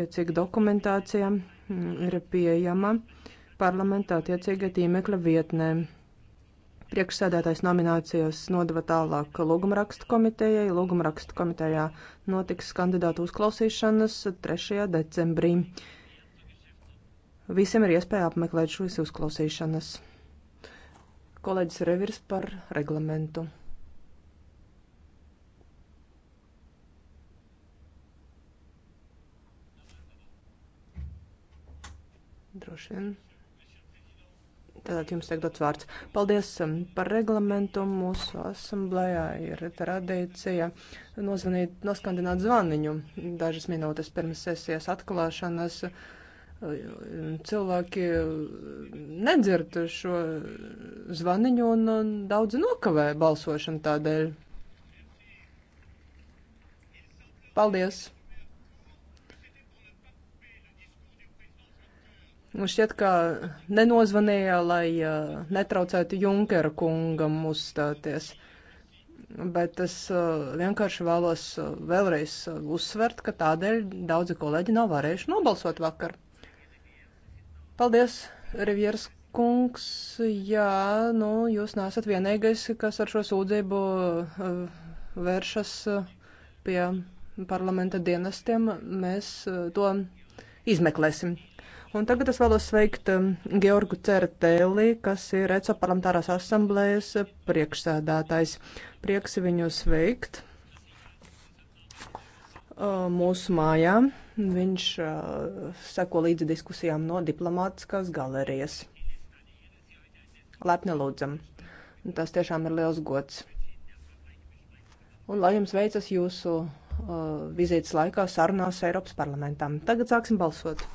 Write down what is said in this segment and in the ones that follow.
Tiecīga dokumentācija mm, ir pieejama parlamentā tiecīga tīmekļa vietnē. Priekšsēdētājs nominācijas nodeva tālāk lūgumrakstu komitejai. Lūgumrakstu komitejā notiks kandidātu uzklausīšanas 3. decembrī. Visiem ir iespēja apmeklēt šīs uzklausīšanas. Kolēģis Revirs par reglamentu. Droši vien. Tātad jums tiek dots vārds. Paldies um, par reglamentu. Mūsu asamblējā ir tradīcija nozvanīt, noskandināt zvaniņu dažas minūtes pirms sesijas atklāšanas um, cilvēki nedzird šo zvaniņu un daudz nokavē balsošanu tādēļ. Paldies! Un šķiet, ka nenozvanīja, lai uh, netraucētu Junkera kungam uzstāties. Bet es uh, vienkārši vēlos uh, vēlreiz uh, uzsvert, ka tādēļ daudzi kolēģi nav varējuši nobalsot vakar. Paldies, Rivieras kungs. Jā, nu, jūs nesat vienīgais, kas ar šo sūdzību uh, vēršas uh, pie parlamenta dienestiem. Mēs uh, to izmeklēsim. Un tagad es vēlos sveikt um, Georgu Certēli, kas ir ECO parlamentārās asamblējas priekšsēdētājs. Prieks viņu sveikt uh, mūsu mājā. Viņš uh, seko līdzi diskusijām no diplomātiskās galerijas. Lepni lūdzam. Tas tiešām ir liels gods. Un lai jums veicas jūsu uh, vizītes laikā sarunās Eiropas parlamentam. Tagad sāksim balsot.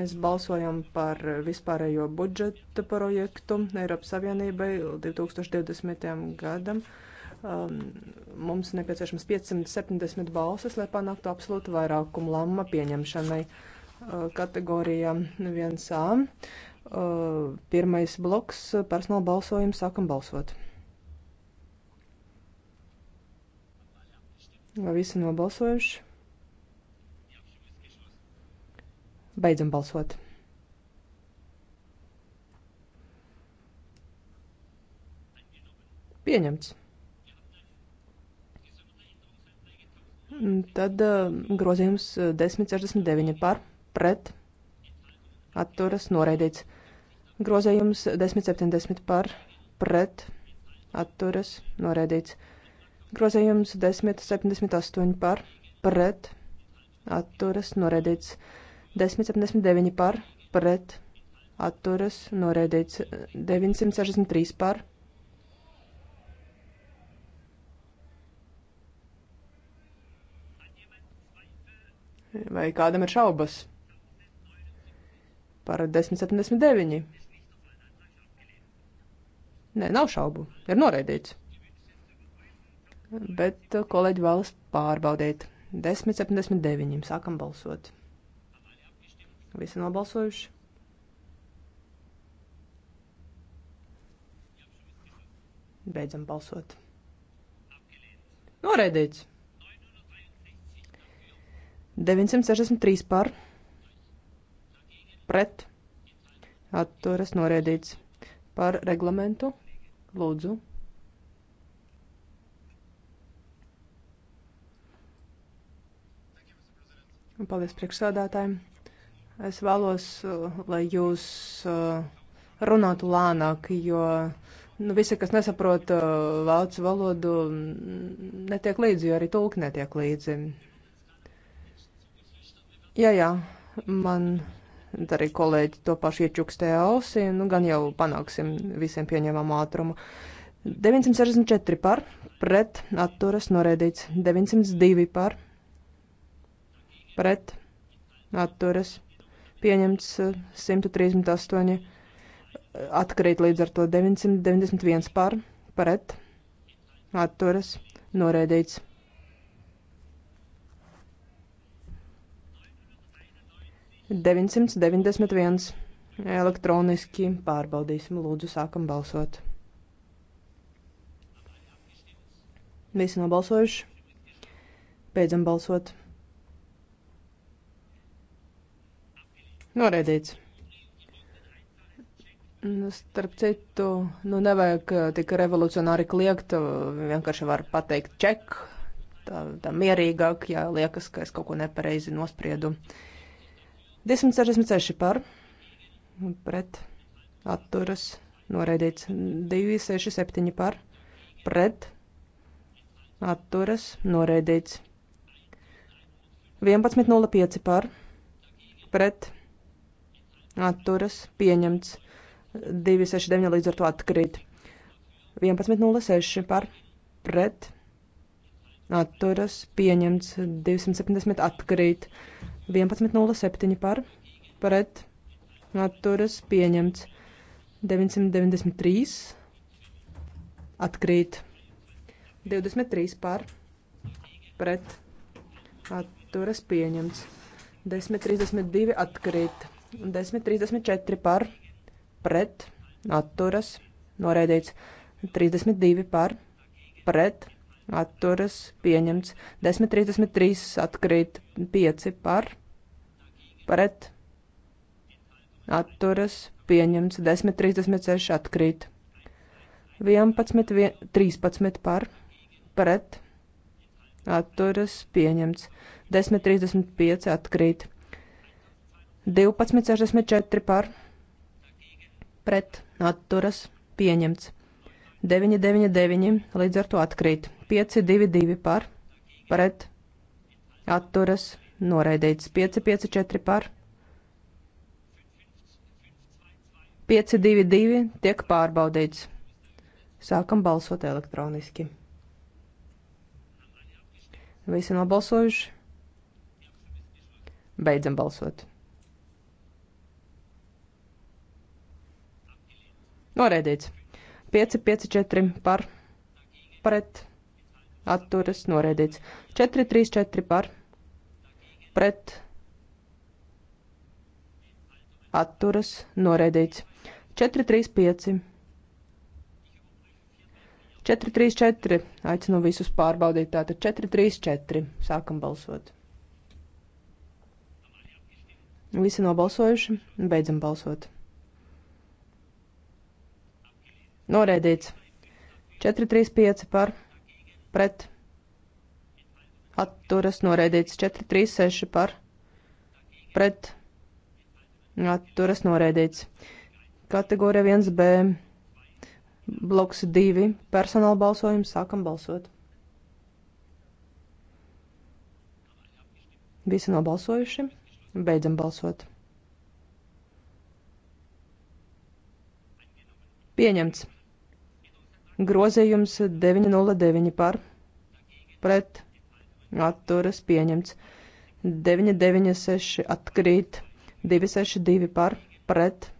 Mēs balsojam par vispārējo budžeta projektu Eiropas Savienībai 2020. gadam. Um, mums nepieciešams 570 balsis, lai panāktu absolūtu vairākumu lamma pieņemšanai uh, kategorijā 1A. Uh, pirmais bloks - personāla balsojums. Sākam balsot. Vai visi nobalsojuši? Beidzam balsot. Pieņemts. Tad uh, grozījums 1069 uh, par pret atturas noraidīts. Grozījums 1070 par pret atturas noraidīts. Grozījums 1078 par pret atturas noraidīts. 1079 par pret atturas noraidīts 963 par Vai kādam ir šaubas par 1079? Nē, nav šaubu, ir noraidīts. Bet kolēģi vēlas pārbaudīt 1079. Sākam balsot. Visi nobalsojuši. Beidzam balsot. Noraidīts. 963 par. Pret. Atturas noraidīts. Par reglamentu. Lūdzu. Un paldies priekšsādātājiem. Es vēlos, uh, lai jūs uh, runātu lēnāk, jo nu, visi, kas nesaprot uh, vācu valodu, netiek līdzi, jo arī tulki netiek līdzi. Jā, jā, man arī kolēģi to pašu iečukstēja ausī, nu gan jau panāksim visiem pieņemamu ātrumu. 964 par, pret, atturas norēdīts, 902 par, pret, atturas norēdīts pieņemts 138, eh, atkarīt līdz ar to 991 par, pret, atturas, noraidīts. Devinsimts deviņdesmit viens. Elektroniski pārbaudīsim, lūdzu, sākam balsot. Visi nobalsojuši. Beidzam balsot. Noraidīts. Nu, starp citu, nu nevajag uh, tik revolucionāri kliegt, uh, vienkārši var pateikt ček, tā, tā mierīgāk, ja liekas, ka es kaut ko nepareizi nospriedu. 266 par, pret, atturas, noraidīts, 267 par, pret, atturas, noraidīts, 11.05 par, pret, atturas atturas pieņemts. 269 līdz ar to atkrīt. 11.06 par pret atturas pieņemts. 270 atkrīt. 11.07 par pret atturas pieņemts. 993 atkrīt. 23 par pret atturas pieņemts. 10.32 atkrīt. 10.34 par pret atturas noraidīts. 32 par pret atturas pieņemts. 10.33 atkrīt 5 par pret atturas pieņemts. 10.36 atkrīt. 11, 13 par pret atturas pieņemts. 10.35 atkrīt. 12,64 par pret atturas pieņemts. 999 līdz ar to atkrīt. 522 par pret atturas noraidīts. 554 par 522 tiek pārbaudīts. Sākam balsot elektroniski. Visi nobalsojuši. Beidzam balsot. Noraidīts. 5, 5, 4 par, pret, atturas, noraidīts. 4, 3, 4 par, pret, atturas, noraidīts. 4, 3, 5. 4, 3, 4. Aicinu visus pārbaudīt. Tātad 4, 3, 4. Sākam balsot. Visi nobalsojuši, beidzam balsot. Noraidīts. 4, 3, 5 par pret. Atturas noraidīts. 4, 3, 6 par pret. Atturas noraidīts. Kategorija 1B. Bloks 2. Personāla balsojums. Sākam balsot. Visi nobalsojuši. Beidzam balsot. Pieņemts. Grozījums 909 par pret atturas pieņemts. 996 atkrīt. 262 par pret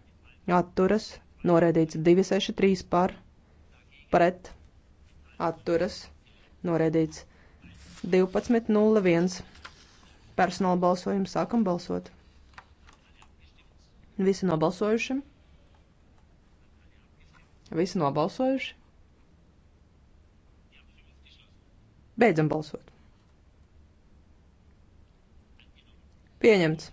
atturas noraidīts. 263 par pret atturas noraidīts. 12.01. Personāla balsojumu sākam balsot. Visi nobalsojuši. Visi nobalsojuši. Beidzam balsot. Pieņemts.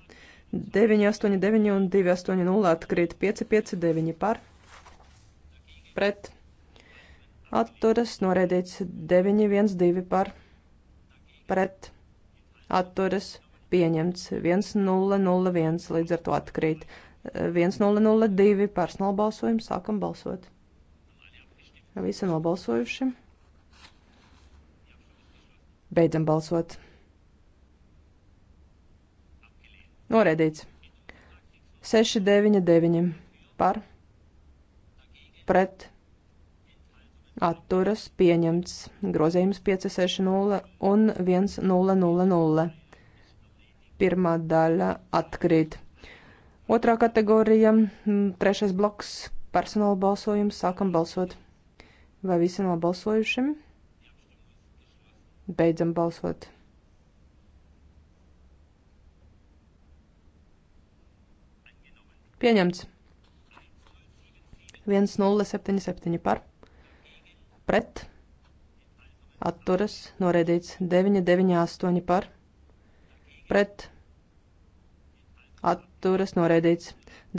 9, 8, 9 un 2, 8, 0 atkrīt 5, 5, 9 par. Pret. Atturas noraidīts 9, 1, 2 par. Pret. Atturas pieņemts 1, 0, 0, 1 līdz ar to atkrīt 1, 0, 0, 2 personāla balsojumu. Sākam balsot. Visi nobalsojuši. Beidzam balsot. Noraidīts. 6, 9, 9. Par. Pret. Atturas pieņemts. Grozījums 5, 6, 0 un 1, 0, 0, 0. Pirmā daļa atkrīt. Otrā kategorija, mm, trešais bloks, personāla balsojums, sākam balsot. Vai visi nobalsojušiem? Beidzam balsot. Pieņemts. 1077 par. Pret. Atturas. Noraidīts. 998 par. Pret. Atturas. Noraidīts.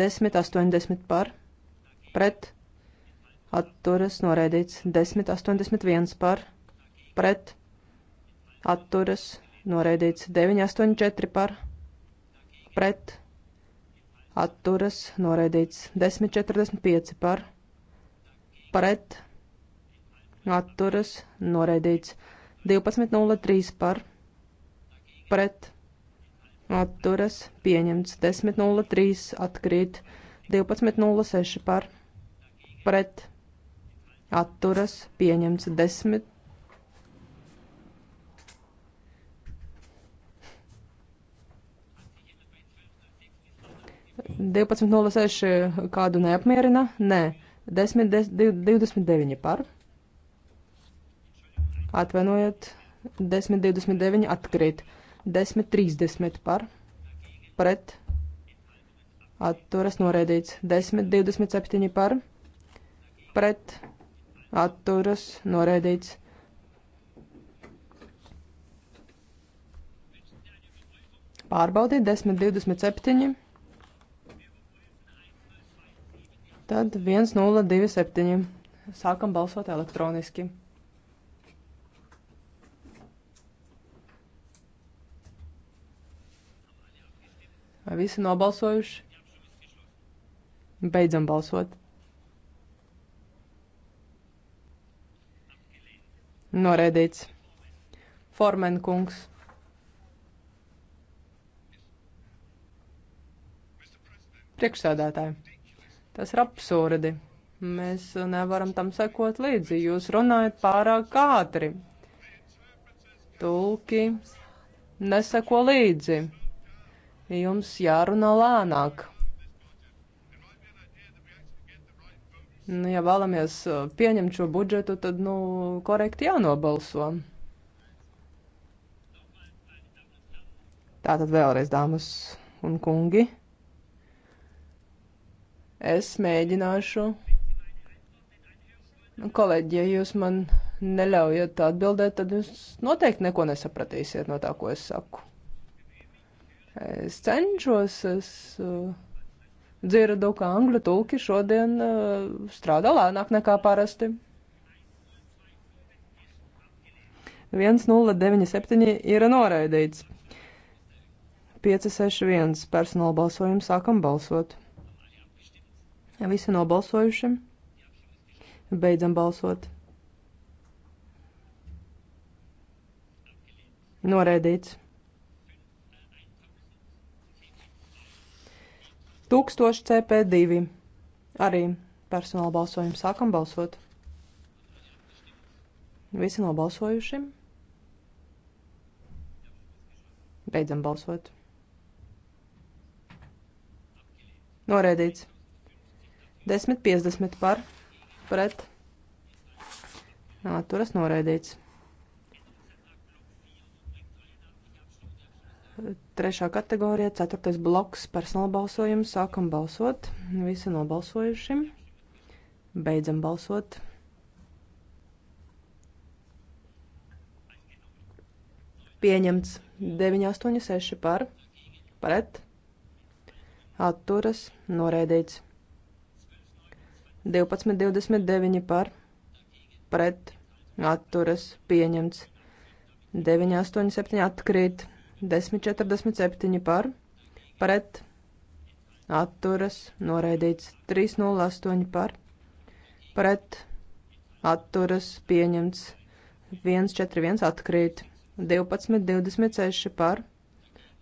1080 par. Pret. Atturas. Noraidīts. 1081 par. Pret atturas noraidīts 984 par pret atturas noraidīts 1045 par pret atturas noraidīts 1203 par pret atturas pieņemts 1003 atkrīt 1206 par pret atturas pieņemts 10 12.06 kādu neapmierina? Nē. 10, 10, 29 par. Atvainojiet, 10, 29 atkrīt. 10, 30 par. Pret. Atturas noraidīts. 10, 27 par. Pret. Atturas noraidīts. Pārbaudīt 10, 27. Tad 1027. Sākam balsot elektroniski. Vai visi nobalsojuši? Beidzam balsot. Norēdīts. Formen kungs. Priekšsēdētāji. Tas ir absurdi. Mēs nevaram tam sekot līdzi. Jūs runājat pārāk ātri. Tulki neseko līdzi. Jums jārunā lēnāk. Nu, ja vēlamies uh, pieņemt šo budžetu, tad nu, korekti jānobalso. Tātad vēlreiz, dāmas un kungi. Es mēģināšu. Nu, kolēģi, ja jūs man neļaujat atbildēt, tad jūs noteikti neko nesapratīsiet no tā, ko es saku. Es cenšos, es uh, dzirdu, ka angļu tulki šodien uh, strādā lēnāk nekā parasti. 1097 ir noraidīts. 561 personāla balsojumu sākam balsot. Visi nobalsojuši. Beidzam balsot. Noraidīts. 1000 CP2. Arī personāla balsojumu sākam balsot. Visi nobalsojuši. Beidzam balsot. Noraidīts. 10.50 par pret atturas noraidīts. Trešā kategorija, ceturtais bloks, personāla balsojums, sākam balsot, visi nobalsojušim, beidzam balsot. Pieņemts 986 par, pret, atturas, noraidīts. 12, 29 par, pret, atturas, pieņemts. 9, 8, 7 atkrīt, 10, 47 par, pret, atturas, noraidīts. 3, 0, 8 par, pret, atturas, pieņemts. 1, 4, 1 atkrīt, 12, 26 par,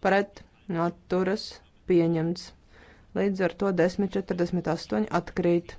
pret, atturas, pieņemts. Līdz ar to 10, 48 atkrīt.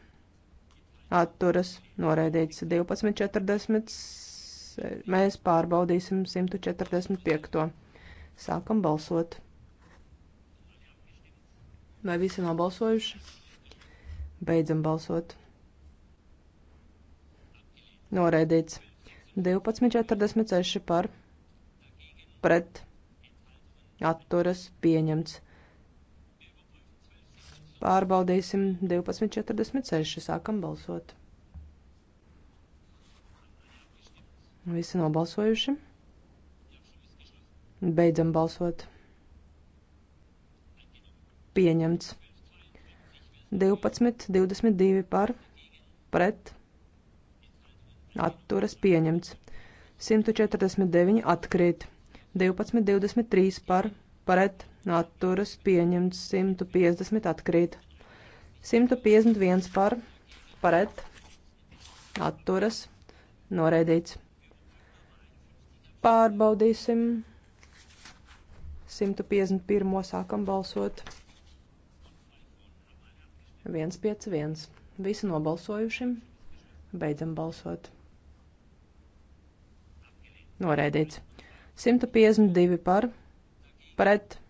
atturas noraidīts 12.40. Mēs pārbaudīsim 145. Sākam balsot. Vai visi nobalsojuši? Beidzam balsot. Noraidīts 12.46 par pret atturas pieņemts 12.46. Pārbaudīsim 12.46. Sākam balsot. Visi nobalsojuši. Beidzam balsot. Pieņemts. 12, 22 par, pret, atturas pieņemts. 149 atkrīt. 12, 23 par, pret, atturas pieņemts 150 atkrīt. 151 par paret atturas noraidīts. Pārbaudīsim 151. sākam balsot. 151. Visi nobalsojušim. Beidzam balsot. Noraidīts. 152 par pret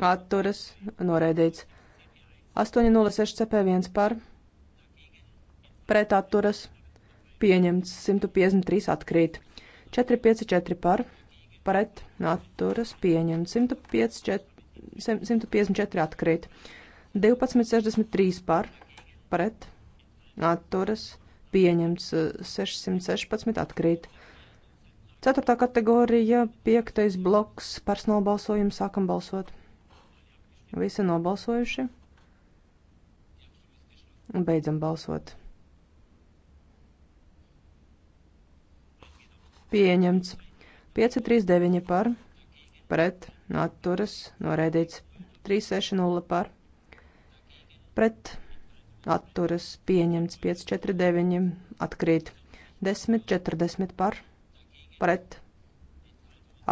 atturas noraidīts. 806 CP1 par pret atturas pieņemts. 153 atkrīt. 454 par pret atturas pieņemts. 154, 154 atkrīt. 1263 par pret atturas pieņemts. 616 atkrīt. Ceturtā kategorija, piektais bloks, personāla balsojums, sākam balsot. Visi nobalsojuši. Beidzam balsot. Pieņemts. 539 par, pret, atturas, noraidīts. 360 par, pret, atturas, pieņemts. 549 atkrīt. 1040 par, pret,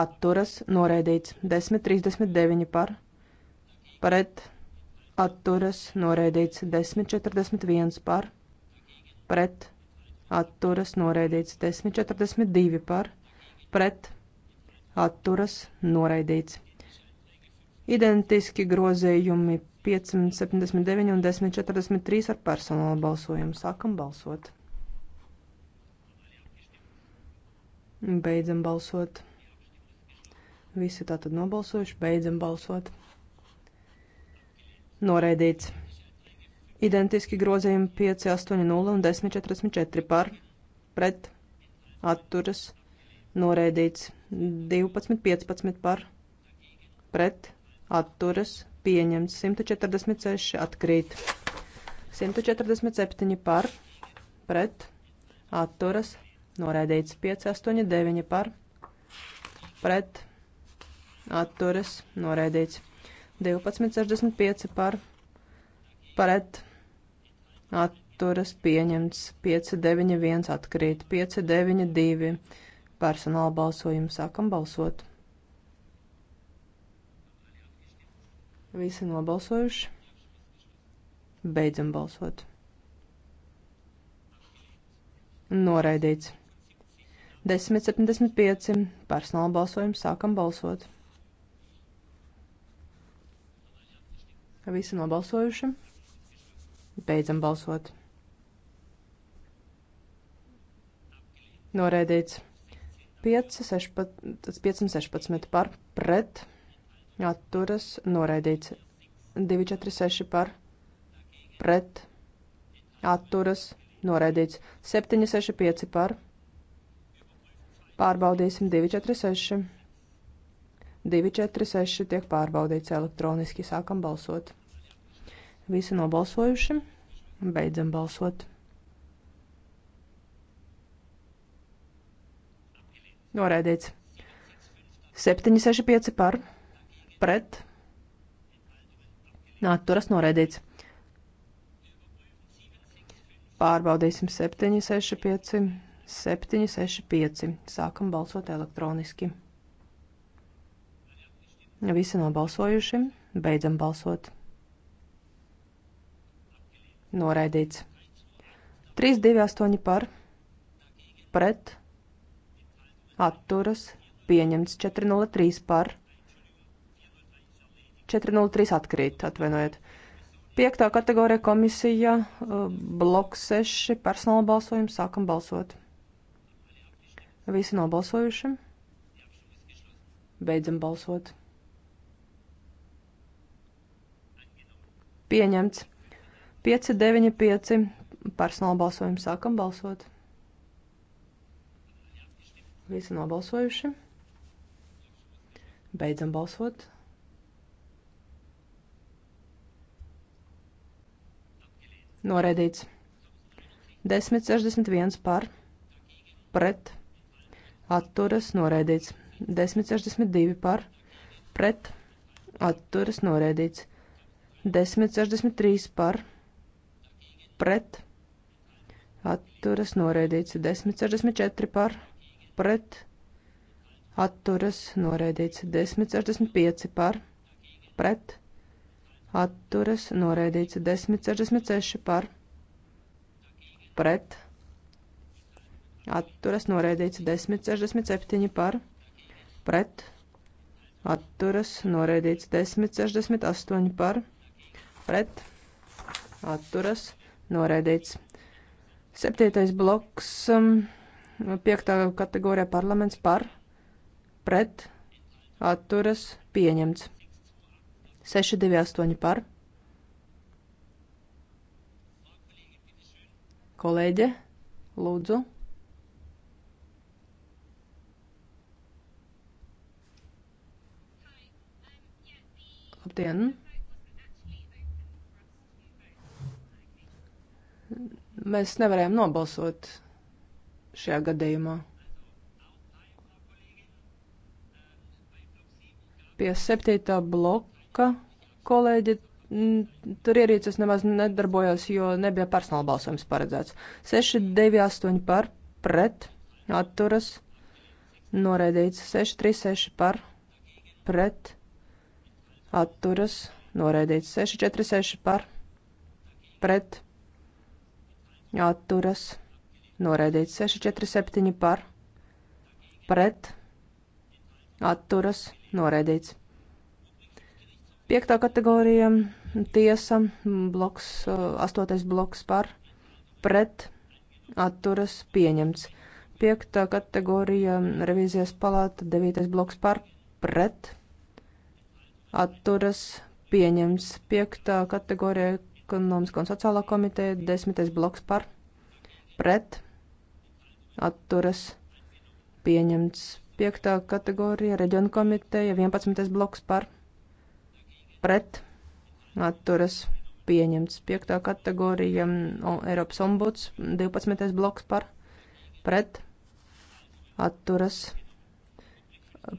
atturas, noraidīts. 1039 par, pret atturas noraidīts 1041 par pret atturas noraidīts 1042 par pret atturas noraidīts. Identiski grozējumi 579 un 1043 ar personāla balsojumu. Sākam balsot. Beidzam balsot. Visi tātad nobalsojuši, beidzam balsot. Noraidīts. Identiski grozījumi 5, 8, 0 un 10, 44 par, pret, atturas, noraidīts. 12, 15 par, pret, atturas, pieņemts. 146 atkrīt. 147 par, pret, atturas, noraidīts. 5, 8, 9 par, pret, atturas, noraidīts. 12,65 par pret atturas pieņemts, 5,91 atkrīt, 5,92 personāla balsojumu sākam balsot. Visi nobalsojuši. Beidzam balsot. Noraidīts. 10,75 personāla balsojums sākam balsot. Visi nobalsojuši. Beidzam balsot. Noraidīts 516 par pret, atturas noraidīts 246 par pret, atturas noraidīts 765 par. Pārbaudīsim 246. 246 tiek pārbaudīts elektroniski. Sākam balsot. Visi nobalsojuši. Beidzam balsot. Noraidīts. 765 par. Pret. Atturas noraidīts. Pārbaudīsim 765. 765. Sākam balsot elektroniski. Visi nobalsojuši. Beidzam balsot. Noraidīts. 3, 2, 8 par. Pret. Atturas. Pieņemts 403 par. 403 atkrīt, atvainojiet. Piektā kategorija komisija, uh, bloks 6, personāla balsojums, sākam balsot. Visi nobalsojuši. Beidzam balsot. Pieņemts. 5, 9, 5. Personāla balsojumu sākam balsot. Visi nobalsojuši. Beidzam balsot. Noraidīts. 10, 61 par, pret, atturas, noraidīts. 10, 62 par, pret, atturas, noraidīts. 1063 par pret atturas noraidīts 1064 par pret atturas noraidīts 1065 par pret atturas noraidīts 1066 par pret atturas noraidīts 1067 par pret atturas noraidīts 1068 par pret pret atturas noraidīts. Septītais bloks, um, piektā kategorija parlaments par pret atturas pieņemts. 628 par. Kolēģe, lūdzu. Labdien! Mēs nevarējām nobalsot šajā gadījumā. Pie septītā bloka kolēģi mm, tur ierīces nemaz nedarbojās, jo nebija personāla balsojums paredzēts. 6, 9, 8 par, pret, atturas, noraidīts. 6, 3, 6 par, pret, atturas, noraidīts. 6, 4, 6 par, pret, atturas atturas noraidīts 647 par pret atturas noraidīts. Piektā kategorija tiesa bloks, eh, astotais bloks par pret atturas pieņemts. Piektā kategorija revīzijas palāta devītais bloks par pret atturas pieņemts. Piektā kategorija ekonomiskā un sociālā komiteja, desmitais bloks par, pret, atturas, pieņemts. Piektā kategorija, reģiona komiteja, vienpadsmitais bloks par, pret, atturas, pieņemts. Piektā kategorija, Eiropas ombuds, divpadsmitais bloks par, pret, atturas,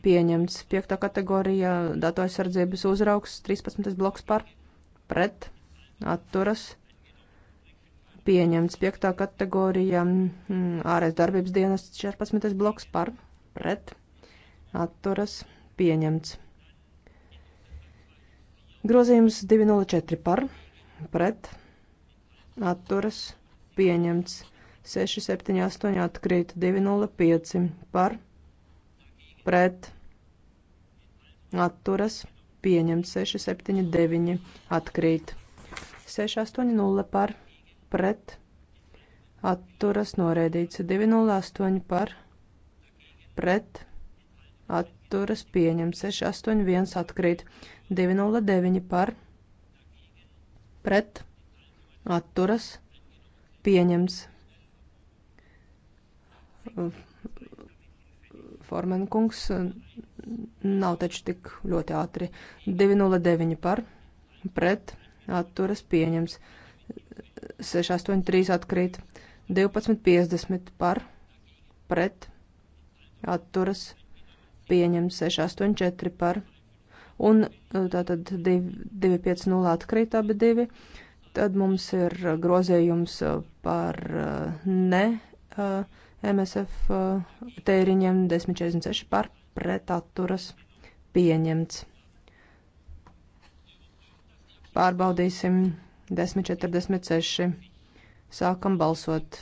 pieņemts. Piektā kategorija, datu aizsardzības uzraugs, trīspadsmitais bloks par, pret, atturas atturas pieņemts. Piektā kategorija mm, ārēs darbības dienas 14. bloks par pret atturas pieņemts. Grozījums 204 par pret atturas pieņemts. 678 atkrīt 205 par pret atturas pieņemts. 679 atkrīt. 680 par pret atturas noraidīts 208 par pret atturas pieņemts 681 atkrīt 209 par pret atturas pieņems Formenkungs nav taču tik ļoti ātri 209 par pret atturas pieņems. 683 atkrīt. 1250 par pret atturas pieņems. 684 par un e, tātad 250 atkrīt abi divi. Tad mums ir grozējums e, par e, ne MSF tēriņiem 1046 par pret atturas pieņemts. Pārbaudīsim 10.46. Sākam balsot.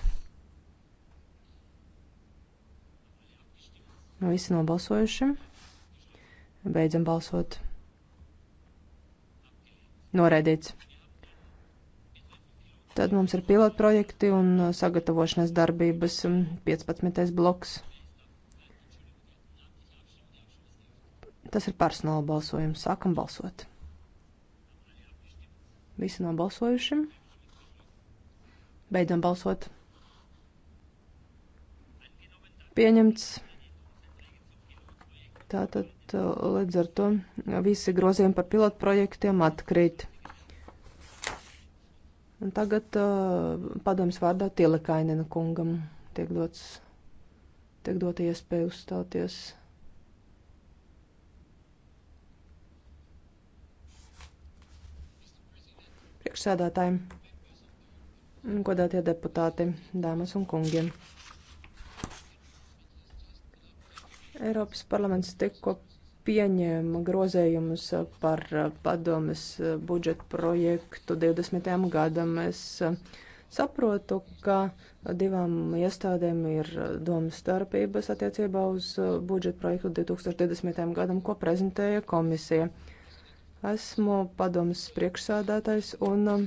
Nu, visi nobalsojuši. Beidzam balsot. Noraidīts. Tad mums ir pilotprojekti un sagatavošanās darbības 15. bloks. Tas ir personāla balsojums. Sākam balsot. Visi nobalsojuši. Beidzam balsot. Pieņemts. Tātad uh, līdz ar to visi grozījumi par pilotu projektiem atkrīt. Un tagad uh, padoms vārdā Tielekainena kungam tiek dots, tiek dota iespēja uzstāties. priekšsēdētājiem, godātie deputāti, dāmas un kungi. Eiropas parlaments tikko pieņēma grozējumus par padomes budžetu projektu 20. gadam. Es saprotu, ka divām iestādēm ir domas starpības attiecībā uz budžetu projektu 2020. gadam, ko prezentēja komisija. Esmu padomas priekšsādātais un um,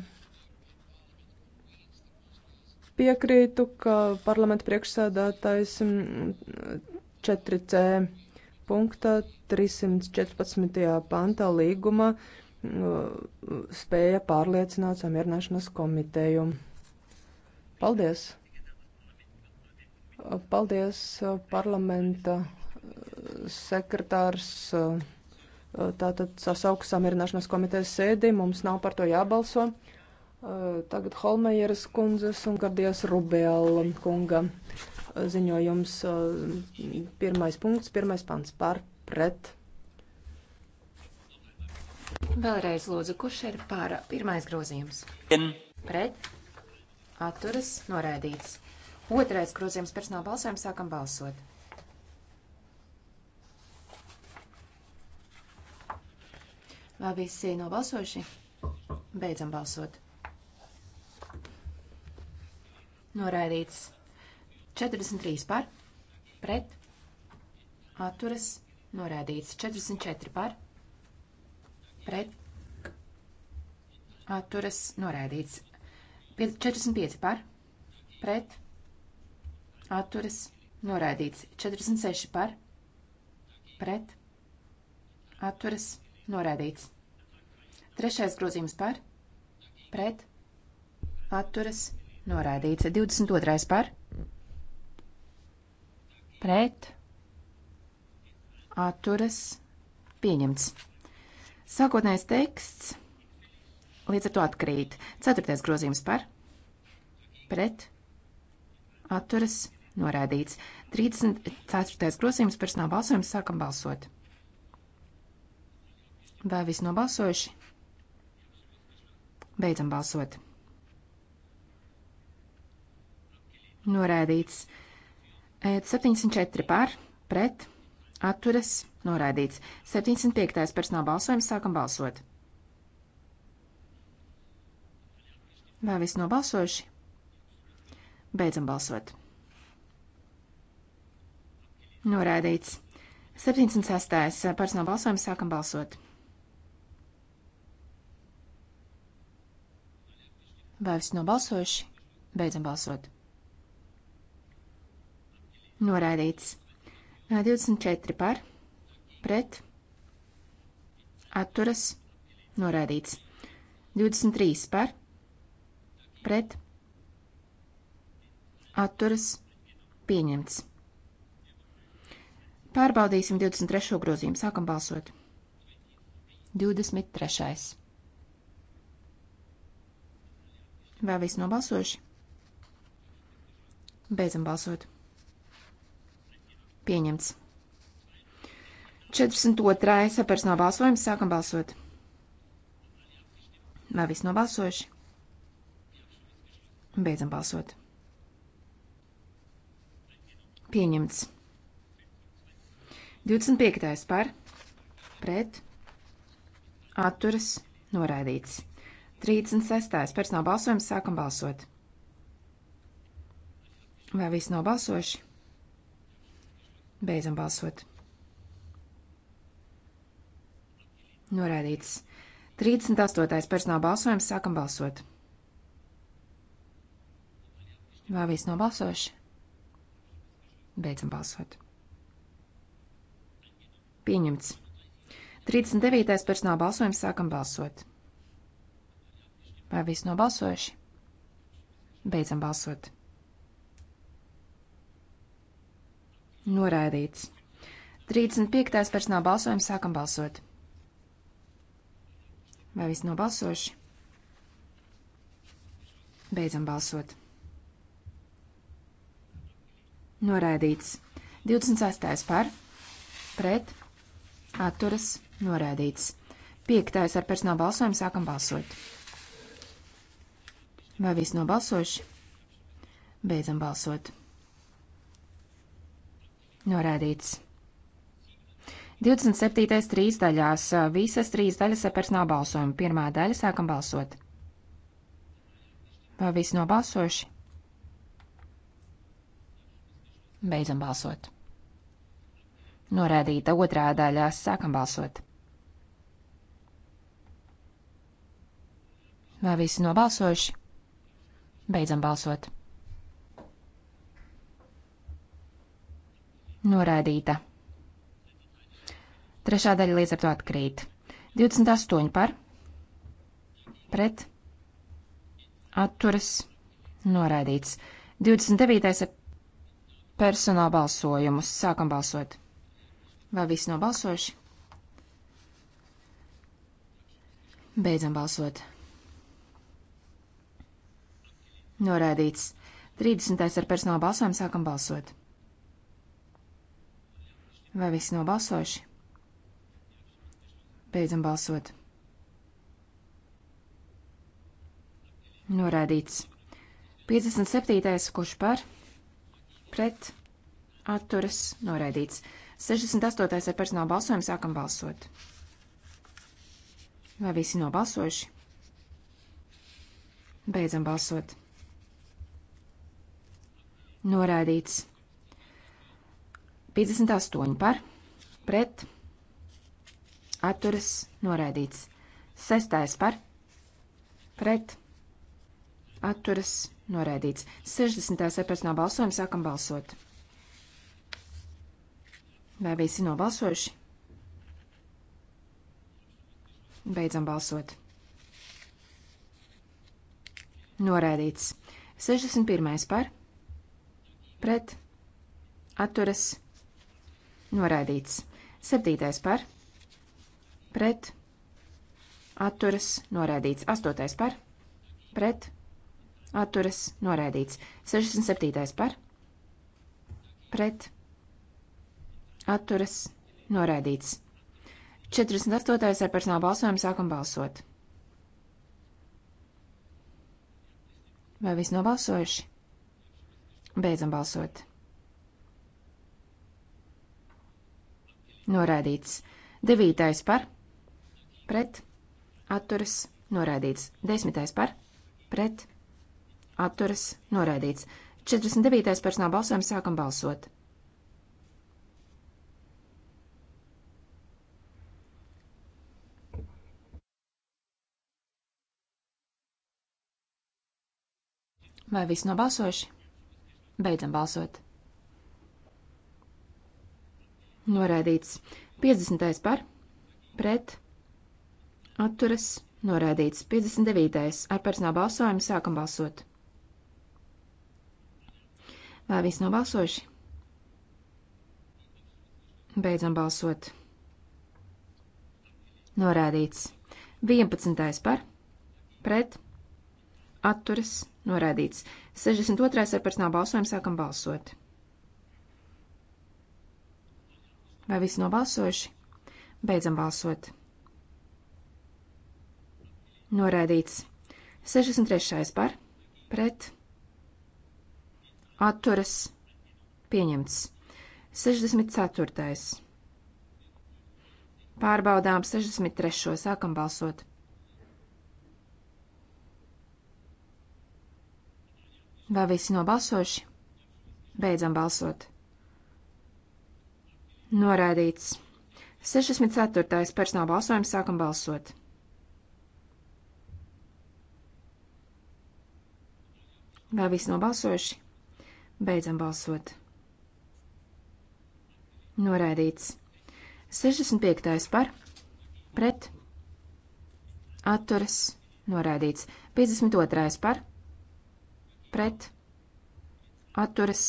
piekrītu, ka parlamenta priekšsādātais 4C um, punktā 314. pantā līgumā uh, spēja pārliecināt samierināšanas komiteju. Paldies! Paldies uh, parlamenta uh, sekretārs. Eh, tātad sasauks samierināšanās komitejas sēdi, mums nav par to jābalso. Eh, tagad Holmejeras kundzes un Gardijas Rubēla kunga eh, ziņojums. Pirmais punkts, pirmais pants par pret. Vēlreiz lūdzu, kurš ir pār pirmais grozījums? In. Pret. Atturas noraidīts. Otrais grozījums personāla balsojums sākam balsot. Vai visi nobalsojuši? Beidzam balsot. Noraidīts 43 par, pret, atturas, noraidīts 44 par, pret, atturas, noraidīts 45 par, pret, atturas, noraidīts 46 par, pret, atturas, noraidīts Norādīts. Trešais grozījums par, pret, atturas, norādīts. 22. par, pret, atturas, pieņemts. Sākotnējais teksts līdz ar to atkrīt. Ceturtais grozījums par, pret, atturas, norādīts. 34. grozījums personāla balsojums sākam balsot. Vai viss nobalsojuši? Beidzam balsot. Noraidīts. 704 e, par, pret, atturas, noraidīts. 75. personāla balsojums sākam balsot. Vai viss nobalsojuši? Beidzam balsot. Noraidīts. 76. personāla balsojums sākam balsot. Vai visi nobalsojuši? Beidzam balsot. Noraidīts. 24 par, pret, atturas, noraidīts. 23 par, pret, atturas, pieņemts. Pārbaudīsim 23. grozījumu. Sākam balsot. 23. Vai viss nobalsojuši? Beidzam balsot. Pieņemts. 42. personāla balsojums. Sākam balsot. Vai viss nobalsojuši? Beidzam balsot. Pieņemts. 25. par, pret, atturas, noraidīts. 36. personāla balsojums sākam balsot. Vai viss nav balsojuši? Beidzam balsot. Norādīts. 38. personāla balsojums sākam balsot. Vai viss nav balsojuši? Beidzam balsot. Pieņemts. 39. personāla balsojums sākam balsot. Vai viss nobalsojuši? Beidzam balsot. Noraidīts. 35. personāla balsojums sākam balsot. Vai viss nobalsojuši? Beidzam balsot. Noraidīts. 26. par, pret, atturas, noraidīts. 5. ar personāla balsojumu sākam balsot. Vai viss nobalsojuši? Beidzam balsot. Norādīts. 27. trīs daļās. Visas trīs daļas ar personāla balsojumu. Pirmā daļa sākam balsot. Vai viss nobalsojuši? Beidzam balsot. Norādīta otrā daļā sākam balsot. Vai visi nobalsojuši? Beidzam balsot. Noraidīta. Trešā daļa līdz ar to atkrīt. 28 par, pret, atturas, noraidīts. 29. ir personāla balsojumus. Sākam balsot. Vai visi nobalsojuši? Beidzam balsot. Norādīts. 30. ar personāla balsojumu sākam balsot. Vai visi nobalsojuši? Beidzam balsot. Norādīts. 57. kurš par? Pret. Atturas. Norādīts. 68. ar personāla balsojumu sākam balsot. Vai visi nobalsojuši? Beidzam balsot. Noraidīts. 58 par, pret, atturas, noraidīts. 6 par, pret, atturas, noraidīts. 60. separatīnā balsojuma sākam balsot. Vai visi nobalsojuši? Beidzam balsot. Noraidīts. 61. par, pret pret, atturas, noraidīts. Septītais par, pret, atturas, noraidīts. Astotais par, pret, atturas, noraidīts. 67. par, pret, atturas, noraidīts. 48. ar personālu balsojumu sākam balsot. Vai viss nobalsojuši? Beidzam balsot. Noraidīts. Devītais par, pret, atturas, noraidīts. Desmitais par, pret, atturas, noraidīts. 49. personāla balsojums sākam balsot. Vai viss nobalsojuši? Beidzam balsot. Noraidīts. 50. par. Pret. Atturas. Noraidīts. 59. Ar personālu balsojumu sākam balsot. Vai viss nobalsojuši? Beidzam balsot. Norādīts. 11. par, pret, atturas, Norādīts. 62. ar personālu balsojumu sākam balsot. Vai visi nobalsojuši? Beidzam balsot. Norādīts. 63. par, pret, atturas, pieņemts. 64. Pārbaudām 63. sākam balsot. Vai visi nobalsojuši? Beidzam balsot. Noraidīts. 64. personāla balsojums sākam balsot. Vai visi nobalsojuši? Beidzam balsot. Noraidīts. 65. par, pret, atturas, noraidīts. 52. par, pret, atturas,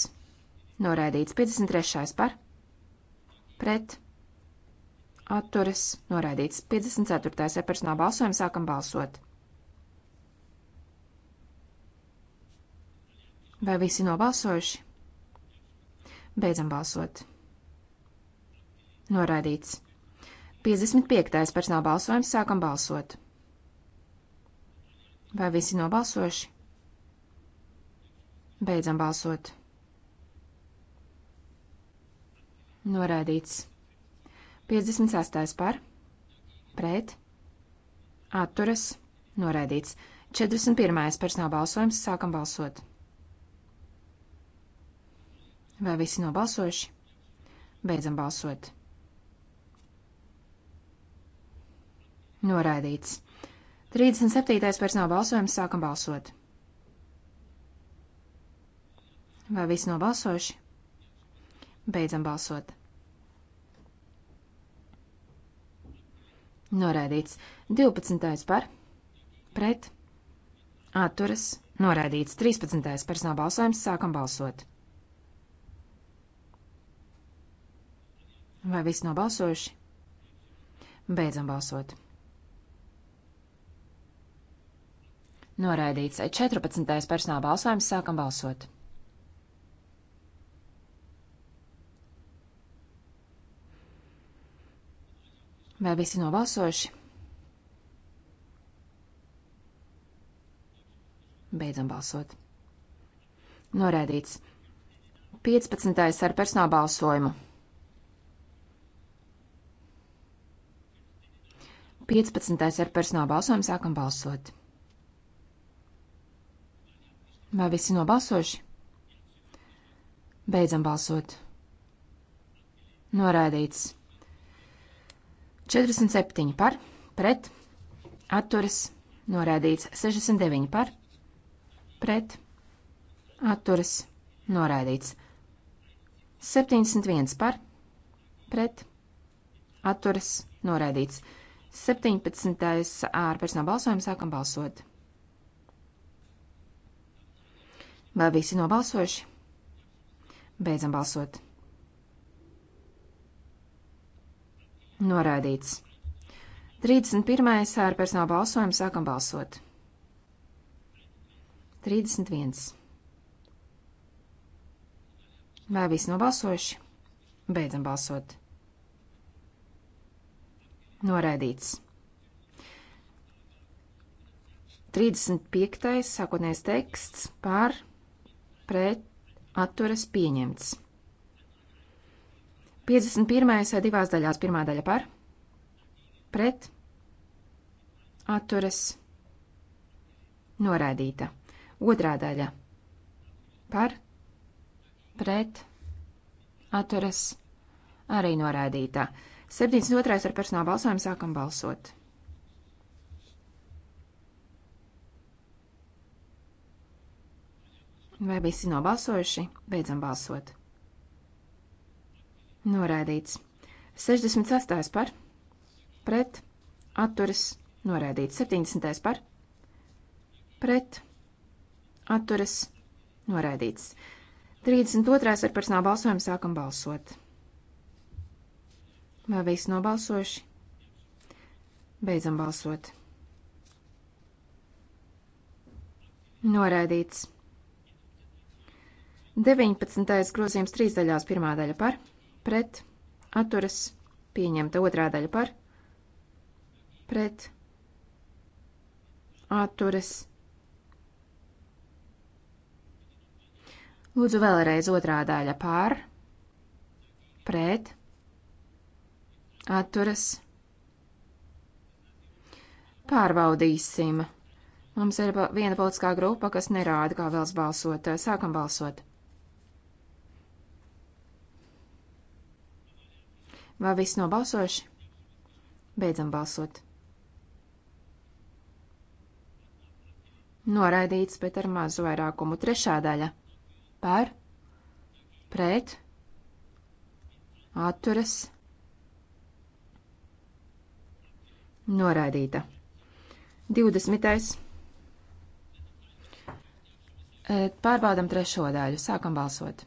noraidīts. 53. par, pret, atturas, noraidīts. 54. ar personālu balsojumu sākam balsot. Vai visi nobalsojuši? Beidzam balsot. Noraidīts. 55. personāla balsojums sākam balsot. Vai visi nobalsojuši? Beidzam balsot. Noraidīts. 56. par, pret, atturas, noraidīts. 41. personāla balsojums, sākam balsot. Vai visi nobalsojuši? Beidzam balsot. Noraidīts. 37. personāla balsojums, sākam balsot. Vai viss nobalsojuši? Beidzam balsot. Noraidīts 12. par, pret, atturas, noraidīts 13. personāla balsojums, sākam balsot. Vai viss nobalsojuši? Beidzam balsot. Noraidīts 14. personāla balsojums, sākam balsot. Vai visi nobalsojuši? Beidzam balsot. Norēdīts. 15. ar personāla balsojumu. 15. ar personāla balsojumu sākam balsot. Vai visi nobalsojuši? Beidzam balsot. Norādīts. 47 par, pret, atturas, norādīts 69 par, pret, atturas, norādīts 71 par, pret, atturas, norādīts 17. ar personāla balsojumu sākam balsot. Vai visi nobalsojuši? Beidzam balsot. Noraidīts. 31. ar personālu balsojumu sākam balsot. 31. Vai visi nobalsojuši? Beidzam balsot. Noraidīts. 35. sākotnējais teksts par pret atturas pieņemts. 51. divās daļās. Pirmā daļa par, pret, atturas, noraidīta. Otrā daļa par, pret, atturas, arī noraidīta. 72. ar personāla balsojumu sākam balsot. Vai visi nobalsojuši? Beidzam balsot. Norādīts. 68. par. Pret. Atturas. Norādīts. 70. par. Pret. Atturas. Norādīts. 32. ar personālu balsojumu sākam balsot. Vai visi nobalsojuši? Beidzam balsot. Noraidīts. 19. grozījums trīs daļās, pirmā daļa par pret, atturas, pieņemta otrā daļa par, pret, atturas. Lūdzu vēlreiz otrā daļa par, pret, atturas. Pārbaudīsim. Mums ir viena politiskā grupa, kas nerāda, kā vēlas balsot. Sākam balsot. Vai viss nobalsojuši? Beidzam balsot. Noraidīts, bet ar mazu vairākumu trešā daļa. Par, pret, atturas, noraidīta. 20. Pārbaudam trešo daļu, sākam balsot.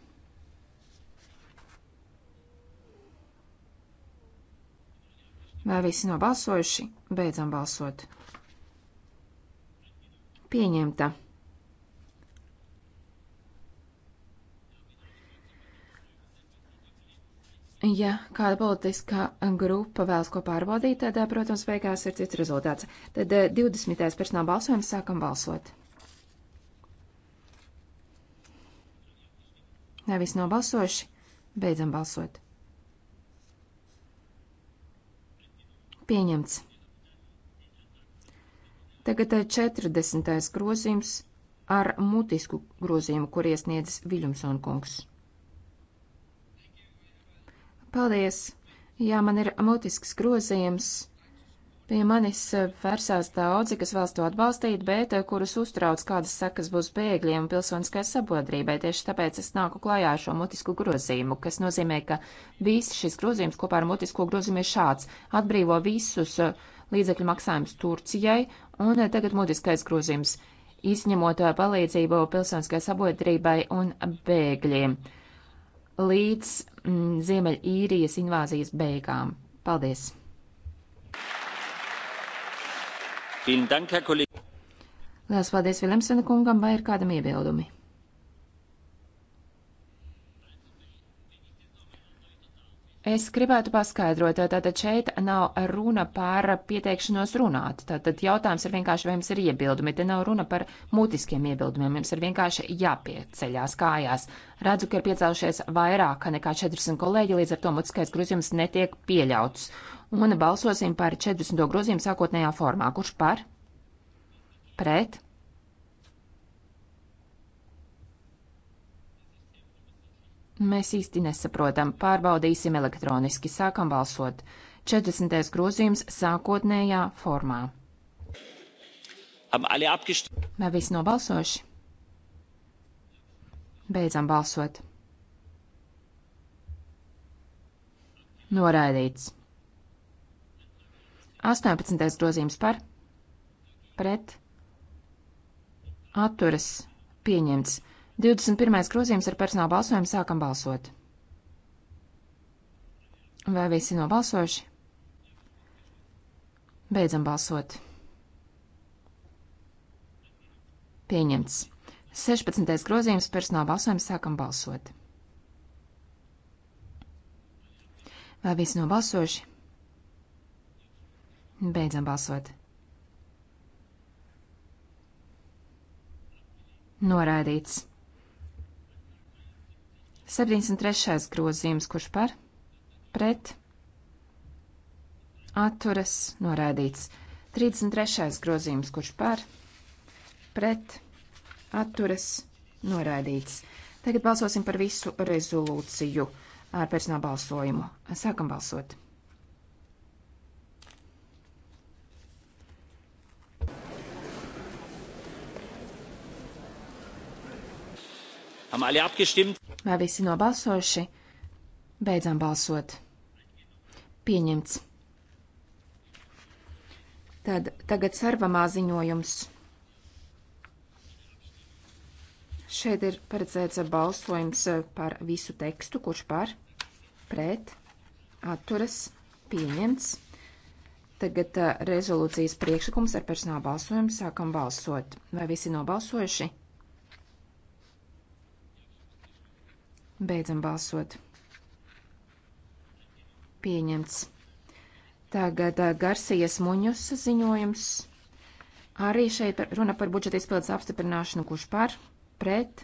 Vai visi nobalsojuši? Beidzam balsot. Pieņemta. Ja kāda politiskā grupa vēlas ko pārbaudīt, tad, protams, beigās ir cits rezultāts. Tad 20. Eh, personāla balsojums sākam balsot. Ja viss nobalsojuši, beidzam balsot. Pieņemts. Tagad 40. Eh, grozījums ar mutisku grozījumu, kur iesniedzis Viļumsona kungs. Paldies! Jā, man ir mutisks grozījums Pie manis eh, versās daudzi, kas vēlas to atbalstīt, bet eh, kurus uztrauc, kādas sekas būs bēgļiem un pilsoniskai sabiedrībai. Tieši tāpēc es nāku klājā ar šo mutisku grozījumu, kas nozīmē, ka viss šis grozījums kopā ar mutisko grozījumu ir šāds - atbrīvo visus eh, līdzekļu maksājumus Turcijai, un tagad mutiskais grozījums - izņemot palīdzību pilsoniskai sabiedrībai un bēgļiem līdz mm, Ziemeļīrijas invāzijas beigām. Paldies! Lielas paldies Viljamsena kungam, vai ir kādam iebildumi? Es gribētu paskaidrot, tātad šeit nav runa par pieteikšanos runāt. Tātad jautājums ir vienkārši, vai jums ir iebildumi. Te nav runa par mutiskiem iebildumiem. Jums ir vienkārši jāpieceļās kājās. Redzu, ka ir piecēlušies vairāk nekā 40 kolēģi, līdz ar to mutiskais grozījums netiek pieļauts. Un balsosim par 40. grozījumu sākotnējā formā. Kurš par? Pret? Mēs īsti nesaprotam. Pārbaudīsim elektroniski. Sākam balsot. 40. grozījums sākotnējā formā. Vai viss nobalsoši? Beidzam balsot. Noraidīts. 18. grozījums par, pret, atturas, pieņemts. 21. grozījums ar personālu balsojumu sākam balsot. Vai visi nobalsojuši? Beidzam balsot. Pieņemts. 16. grozījums personāla balsojums sākam balsot. Vai visi nobalsojuši? Beidzam balsot. Noraidīts. 73. grozījums, kurš par, pret, atturas, noraidīts. 33. grozījums, kurš par, pret, atturas, noraidīts. Tagad balsosim par visu rezolūciju ar personālu balsojumu. Sākam balsot! haben alle abgestimmt? Vai visi nobalsojuši? Beidzam balsot. Pieņemts. Tad tagad sarvamā ziņojums. Šeit ir paredzēts balsojums par visu tekstu, kurš par, pret, atturas, pieņemts. Tagad uh, rezolūcijas priekšlikums ar personālu balsojumu sākam balsot. Vai visi nobalsojuši? Beidzam balsot. Pieņemts. Tagad uh, Garsijas muņus ziņojums. Arī šeit runa par budžeta izpildes apstiprināšanu, kurš par, pret,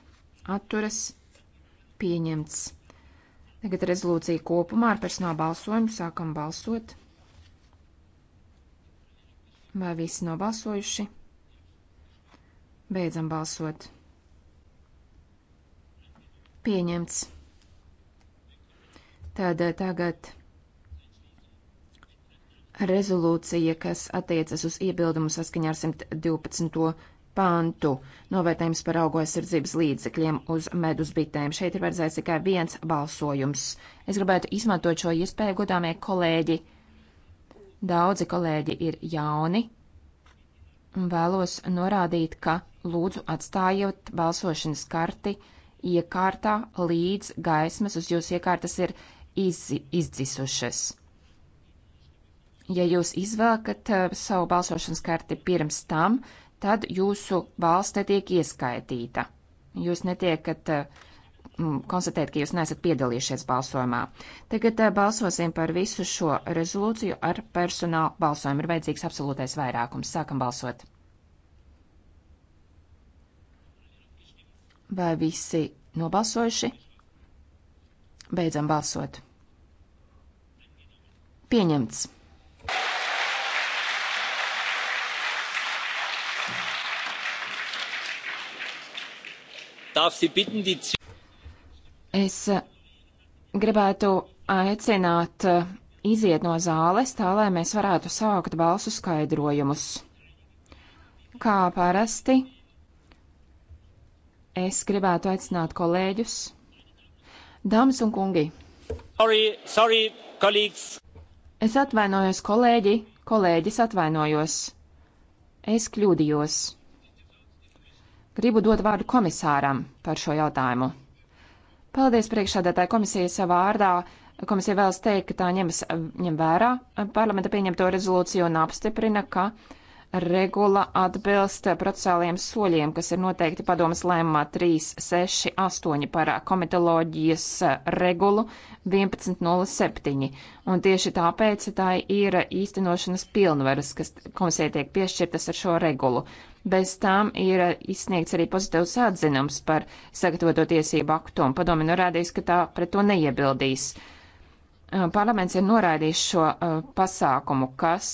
atturas, pieņemts. Tagad rezolūcija kopumā ar personālu balsojumu sākam balsot. Vai visi nobalsojuši? Beidzam balsot. Pieņemts. Tad eh, tagad rezolūcija, kas attiecas uz iebildumu saskaņā ar 112. pantu. Novērtējums par augo aizsardzības līdzekļiem uz medus bitēm. Šeit ir vajadzējis tikai viens balsojums. Es gribētu izmantot šo iespēju, godāmie kolēģi. Daudzi kolēģi ir jauni. Vēlos norādīt, ka lūdzu atstājiet balsošanas karti iekārtā, līdz gaismas uz jūsu iekārtas ir iz, izdzisušas. Ja jūs izvelkat eh, savu balsošanas karti pirms tam, tad jūsu balss netiek ieskaitīta. Jūs netiekat eh, konstatēt, ka jūs neesat piedalījušies balsojumā. Tagad eh, balsosim par visu šo rezolūciju ar personālu balsojumu. Ir vajadzīgs absolūtais vairākums. Sākam balsot! Vai visi nobalsojuši? Beidzam balsot. Pieņemts. Es eh, gribētu aicināt eh, iziet no zāles tā, lai mēs varētu sākt balsu skaidrojumus. Kā parasti, Es gribētu aicināt kolēģus. Dāmas un kungi! Sorry, sorry, colleagues! Es atvainojos, kolēģi! Kolēģis atvainojos! Es kļūdījos! Gribu dot vārdu komisāram par šo jautājumu. Paldies priekšādātāja komisija savā vārdā. Komisija vēlas teikt, ka tā ņems, ņem vērā parlamenta pieņemto rezolūciju un apstiprina, ka uh, regula atbilst procesāliem soļiem, kas ir noteikti padomas lēmumā 368 par komitoloģijas regulu 1107. Un tieši tāpēc tā ir īstenošanas pilnvaras, kas komisija tiek piešķirtas ar šo regulu. Bez tām ir izsniegts arī pozitīvs atzinums par sagatavoto tiesību aktu, un padomi norādījis, ka tā pret to neiebildīs. Parlaments ir noraidījis šo eh, pasākumu, kas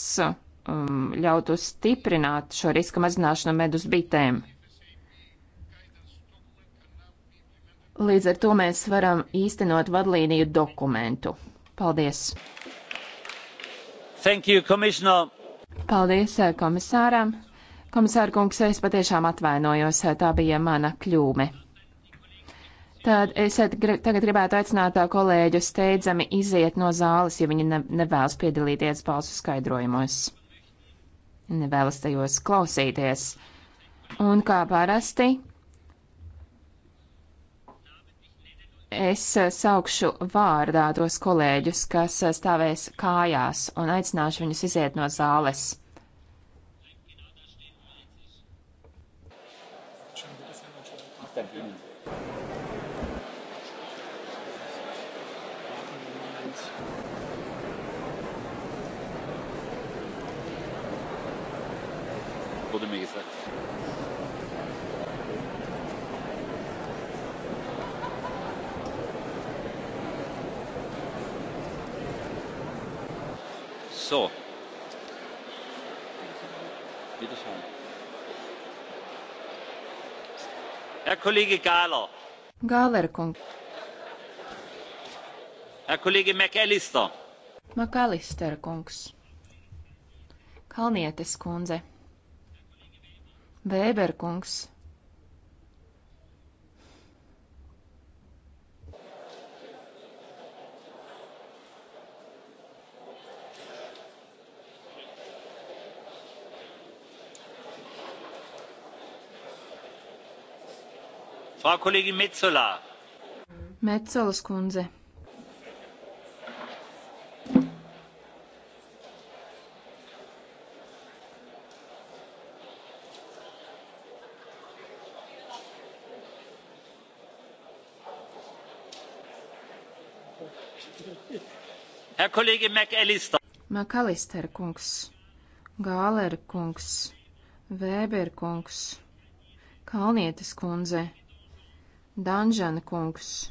um, ļautu stiprināt šo riska mazināšanu medus bitēm. Līdz ar to mēs varam īstenot vadlīniju dokumentu. Paldies! Thank you, Paldies eh, komisāram! Komisāra kungs, es patiešām atvainojos, eh, tā bija mana kļūme. Tad es eh, tagad gribētu aicināt kolēģus steidzami iziet no zāles, ja viņi ne, nevēlas piedalīties balsu skaidrojumos nevēlas tajos klausīties. Un kā parasti, es saukšu vārdā tos kolēģus, kas stāvēs kājās, un aicināšu viņus iziet no zāles. Thank you. Budimīza. So. Bitte schön. Herr Kollege Gahler. Gahler, Kung. Herr Kollege McAllister. McAllister, Kungs. Kalnietes kundze. Vēberkungs. Frau Kollegin Metzola. Metzolas kundze. kolēģi McAllister. McAllister kungs, Gāler kungs, Vēber kungs, Kalnietes kundze, Danžana kungs.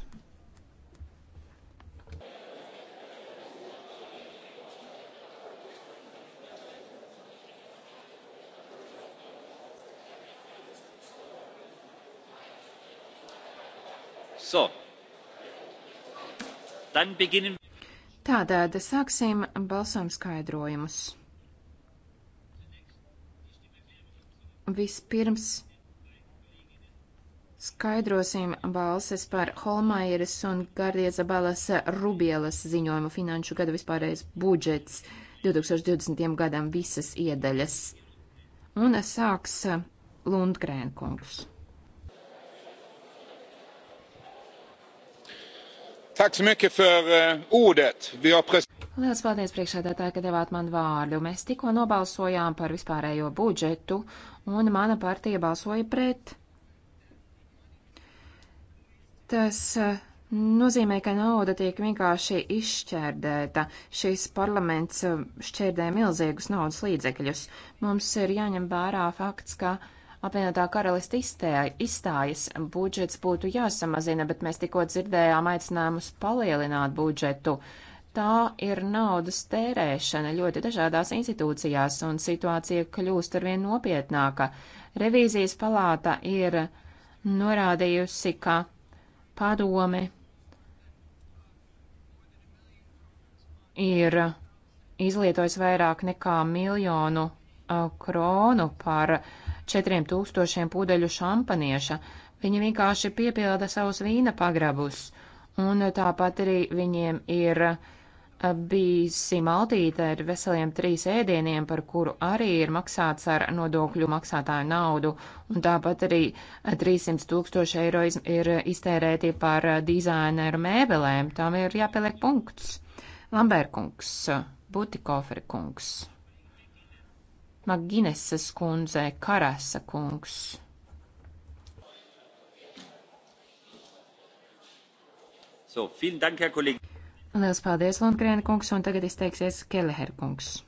So, dann beginnen Tātad sāksim balsojumu skaidrojumus. Vispirms skaidrosim balses par Holmaieres un Gardiezabalas Rubielas ziņojumu finanšu gada vispārējais budžets 2020. gadam visas iedaļas. Un sāks Lundgrēnkungs. Eh, Lielas paldies priekšādātāji, ka devāt man vārdu. Mēs tikko nobalsojām par vispārējo budžetu, un mana partija balsoja pret. Tas eh, nozīmē, ka nauda tiek vienkārši izšķērdēta. Šis parlaments eh, šķērdē milzīgus naudas līdzekļus. Mums ir jāņem vērā fakts, ka apvienotā karalista izstājas, budžets būtu jāsamazina, bet mēs tikko dzirdējām aicinājumus palielināt budžetu. Tā ir naudas tērēšana ļoti dažādās institūcijās, un situācija kļūst arvien nopietnāka. Revīzijas palāta ir norādījusi, ka padome ir izlietojis vairāk nekā miljonu uh, kronu par uh, 4000 pudeļu šampanieša, viņi vienkārši piepilda savus vīna pagrabus, un tāpat arī viņiem ir bijusi maltīte ar veseliem trīs ēdieniem, par kuru arī ir maksāts ar nodokļu maksātāju naudu, un tāpat arī 300 tūkstoši eiro iz, ir iztērēti par dizaineru mēbelēm. Tam ir jāpieliek punkts. Lamberkungs, Butikofrikungs. Maginesas kundzē Karasa kungs. So, dank, Liels paldies, Lundgrēna kungs, un tagad izteiksies Keleher kungs.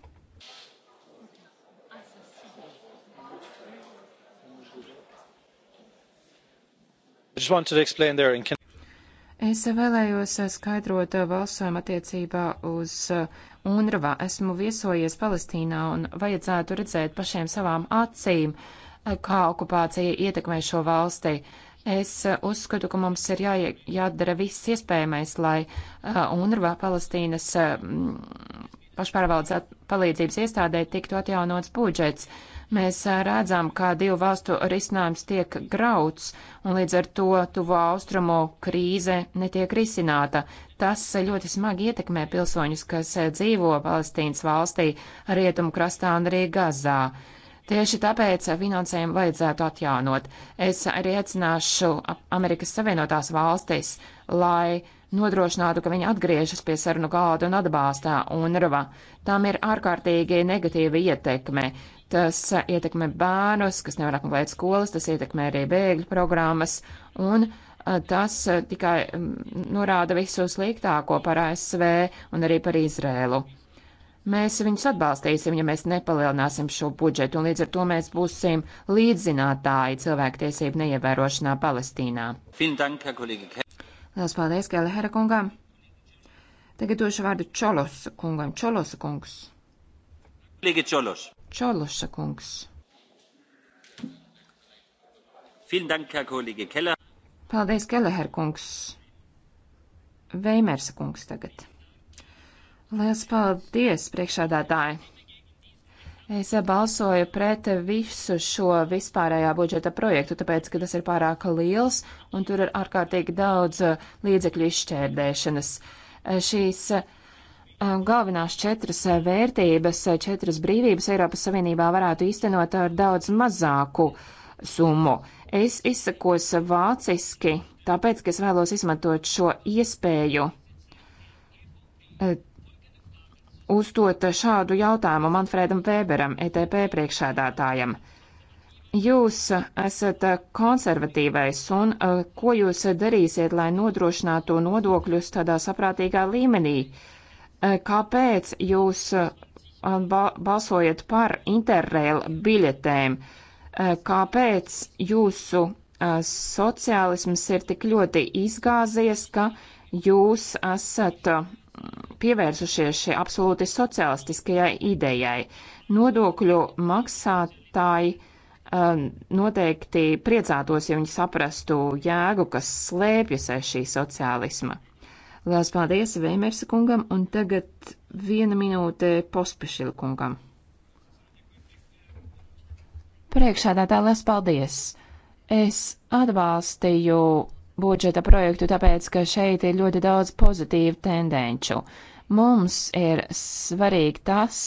Es vēlējos skaidrot uh, balsojumu attiecībā uz uh, UNRVA, esmu viesojies Palestīnā un vajadzētu redzēt pašiem savām acīm, kā okupācija ietekmē šo valsti. Es eh, uzskatu, ka mums ir jā, jādara viss iespējamais, lai eh, UNRVA Palestīnas mm, pašpārvaldes palīdzības iestādē tiktu atjaunots budžets. Mēs redzam, kā divu valstu risinājums tiek grauts, un līdz ar to tuvo austrumu krīze netiek risināta. Tas ļoti smagi ietekmē pilsoņus, kas dzīvo Palestīnas valstī, rietumu krastā un arī Gazā. Tieši tāpēc finansējumu vajadzētu atjaunot. Es arī aicināšu Amerikas Savienotās valstis, lai nodrošinātu, ka viņi atgriežas pie sarunu galda un atbalstā UNRWA. Tam ir ārkārtīgi negatīva ietekme. Tas ietekmē bērnus, kas nevar apmeklēt skolas, tas ietekmē arī bēgļu programmas, un tas tikai norāda visu sliktāko par ASV un arī par Izrēlu. Mēs viņus atbalstīsim, ja mēs nepalielināsim šo budžetu, un līdz ar to mēs būsim līdzzinātāji cilvēktiesību neievērošanā Palestīnā. Lielas paldies, Gēle Hera kungām! Tagad došu vārdu Čolos kungam. Čolos kungs. Līga Čolos. Čološa kungs. Paldies, Keleher kungs. Veimersa kungs tagad. Lielas paldies, priekšādātāji! Es balsoju pret visu šo vispārējā budžeta projektu, tāpēc, ka tas ir pārāk liels un tur ir ārkārtīgi daudz uh, līdzekļu izšķērdēšanas. Uh, šīs uh, Eh, galvenās četras eh, vērtības, eh, četras brīvības Eiropas Savienībā varētu īstenot ar daudz mazāku summu. Es izsakos vāciski, tāpēc, ka es vēlos izmantot šo iespēju uzdot šādu jautājumu Manfredam Weberam, ETP priekšādātājam. Jūs esat konservatīvais, un ko jūs darīsiet, lai nodrošinātu nodokļus tādā saprātīgā līmenī? Uh, Eh, kāpēc jūs eh, balsojat par interrail biļetēm? Eh, kāpēc jūsu sociālisms ir tik ļoti izgāzies, ka jūs esat pievērsušies šie absolūti socialistiskajai idejai. Nodokļu maksātāji um, noteikti priecātos, ja viņi saprastu jēgu, kas slēpjas aiz šī sociālisma. Lielas paldies Veimersa kungam un tagad viena minūte pospešila kungam. Priekšādātā liels paldies! Es atbalstīju budžeta projektu, tāpēc, ka šeit ir ļoti daudz pozitīvu tendenču. Mums ir svarīgi tas,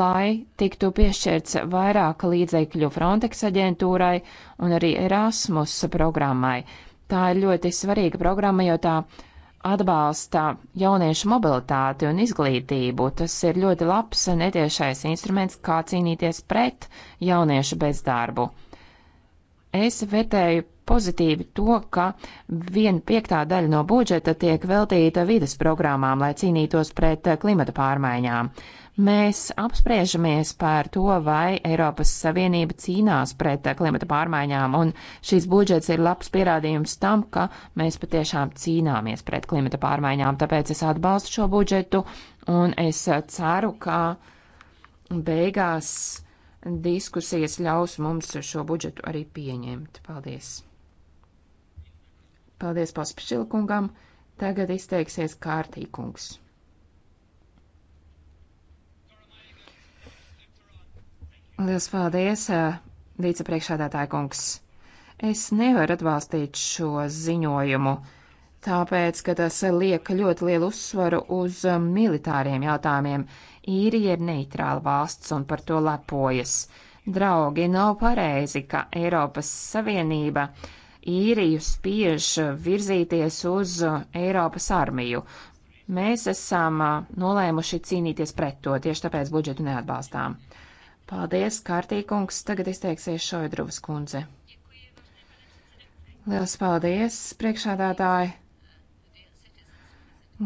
lai tiktu piešķirts vairāk līdzekļu Frontex aģentūrai un arī Erasmus programmai. Tā ir ļoti svarīga programma, jo tā atbalsta jauniešu mobilitāti un izglītību. Tas ir ļoti labs netiešais instruments, kā cīnīties pret jauniešu bezdarbu. Es vērtēju pozitīvi to, ka viena piektā daļa no budžeta tiek veltīta vidas programmām, lai cīnītos pret klimata pārmaiņām. Mēs apspriežamies par to, vai Eiropas Savienība cīnās pret eh, klimata pārmaiņām, un šīs budžets ir labs pierādījums tam, ka mēs patiešām cīnāmies pret klimata pārmaiņām. Tāpēc es atbalstu šo budžetu, un es ceru, ka beigās diskusijas ļaus mums šo budžetu arī pieņemt. Paldies! Paldies Paspišilkungam! Tagad izteiksies kārtīkungs. Lielas paldies, vicepriekšādātāja kungs. Es nevaru atbalstīt šo ziņojumu, tāpēc, ka tas liek ļoti lielu uzsvaru uz militāriem jautājumiem. Īrija ir neitrāla valsts un par to lepojas. Draugi, nav pareizi, ka Eiropas Savienība īriju spiež virzīties uz Eiropas armiju. Mēs esam nolēmuši cīnīties pret to, tieši tāpēc budžetu neatbalstām. Uh, Paldies, Kārtīkungs. Tagad izteiksies Šoidruvas kundze. Liels paldies, priekšādātāji!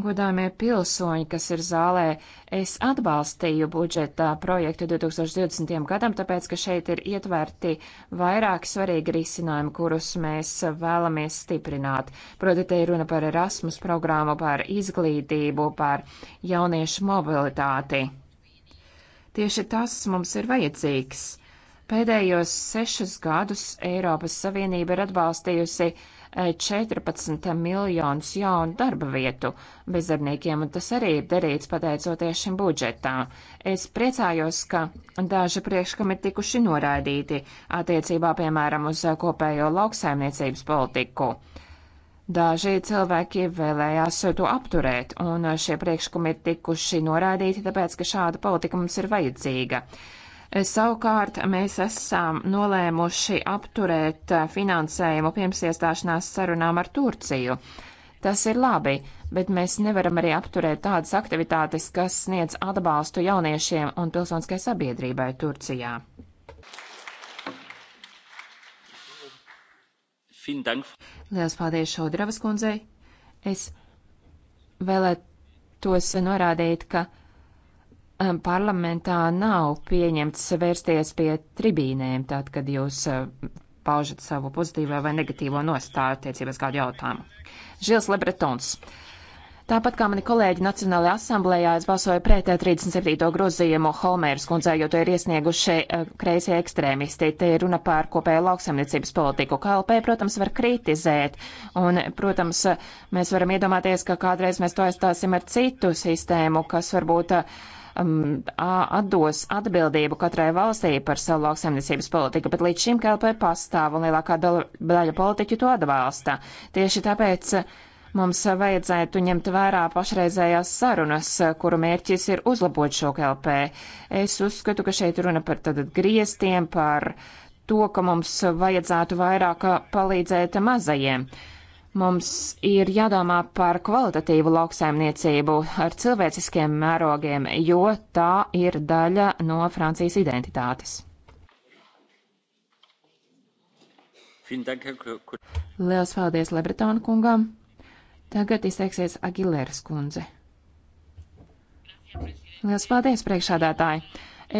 Godāmie pilsoņi, kas ir zālē, es atbalstīju budžeta projektu 2020. gadam, tāpēc, ka šeit ir ietverti vairāki svarīgi risinājumi, kurus mēs vēlamies stiprināt. Proti, te ir runa par Erasmus programmu, par izglītību, par jauniešu mobilitāti. Tieši tas mums ir vajadzīgs. Pēdējos sešus gadus Eiropas Savienība ir atbalstījusi 14 eh, miljonus jaunu darba vietu bezdarniekiem, un tas arī ir darīts pateicoties šim budžetām. Es priecājos, ka daži priekškami ir tikuši noraidīti attiecībā, piemēram, uz kopējo lauksaimniecības politiku. Daži cilvēki vēlējās to apturēt, un šie priekšlikumi ir tikuši norādīti, tāpēc, ka šāda politika mums ir vajadzīga. Savukārt mēs esam nolēmuši apturēt finansējumu pirms iestāšanās sarunām ar Turciju. Tas ir labi, bet mēs nevaram arī apturēt tādas aktivitātes, kas sniedz atbalstu jauniešiem un pilsoniskai sabiedrībai Turcijā. Lielas paldies Šaudravas kundzei. Es vēlētos norādīt, ka um, parlamentā nav pieņemts vērsties pie tribīnēm, tad, kad jūs um, paužat savu pozitīvo vai negatīvo nostāju attiecībās kādu jautājumu. Žils Lebretons. Uh, Tāpat kā mani kolēģi Nacionālajā asamblējā, es balsoju pret 37. Eh, grozījumu Holmēras kundzē, jo to ir iesnieguši eh, kreisie ekstrēmisti. Te ir runa par kopēju lauksamniecības politiku. KLP, protams, var kritizēt, un, protams, mēs varam iedomāties, ka kādreiz mēs to aizstāsim ar citu sistēmu, kas varbūt um, atdos atbildību katrai valstī par savu lauksaimniecības politiku, bet līdz šim KLP pastāv un lielākā daļa politiķu to atbalsta. Tieši tāpēc Mums vajadzētu ņemt vērā pašreizējās sarunas, kuru mērķis ir uzlabot šo KLP. Es uzskatu, ka šeit runa par tad griestiem, par to, ka mums vajadzētu vairāk palīdzēt mazajiem. Mums ir jādomā par kvalitatīvu lauksaimniecību ar cilvēciskiem mērogiem, jo tā ir daļa no Francijas identitātes. Lielas paldies Lebretona kungam! Tagad izteiksies Agilēras kundze. Lielas paldies, priekšādātāji!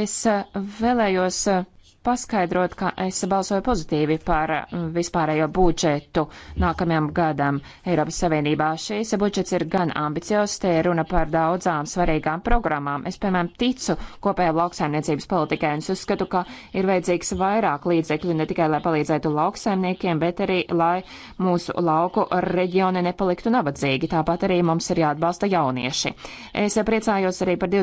Es eh, vēlējos eh, paskaidrot, ka es balsoju pozitīvi par mm, vispārējo budžetu nākamajam gadam Eiropas Savienībā. Šīs budžets ir gan ambiciozs, te ir runa par daudzām svarīgām programmām. Es, piemēram, ticu kopējā lauksaimniecības politikai un es uzskatu, ka ir vajadzīgs vairāk līdzekļu ne tikai, lai palīdzētu lauksaimniekiem, bet arī, lai mūsu lauku reģioni nepaliktu nabadzīgi. Tāpat arī mums ir jāatbalsta jaunieši. Es priecājos arī par 20.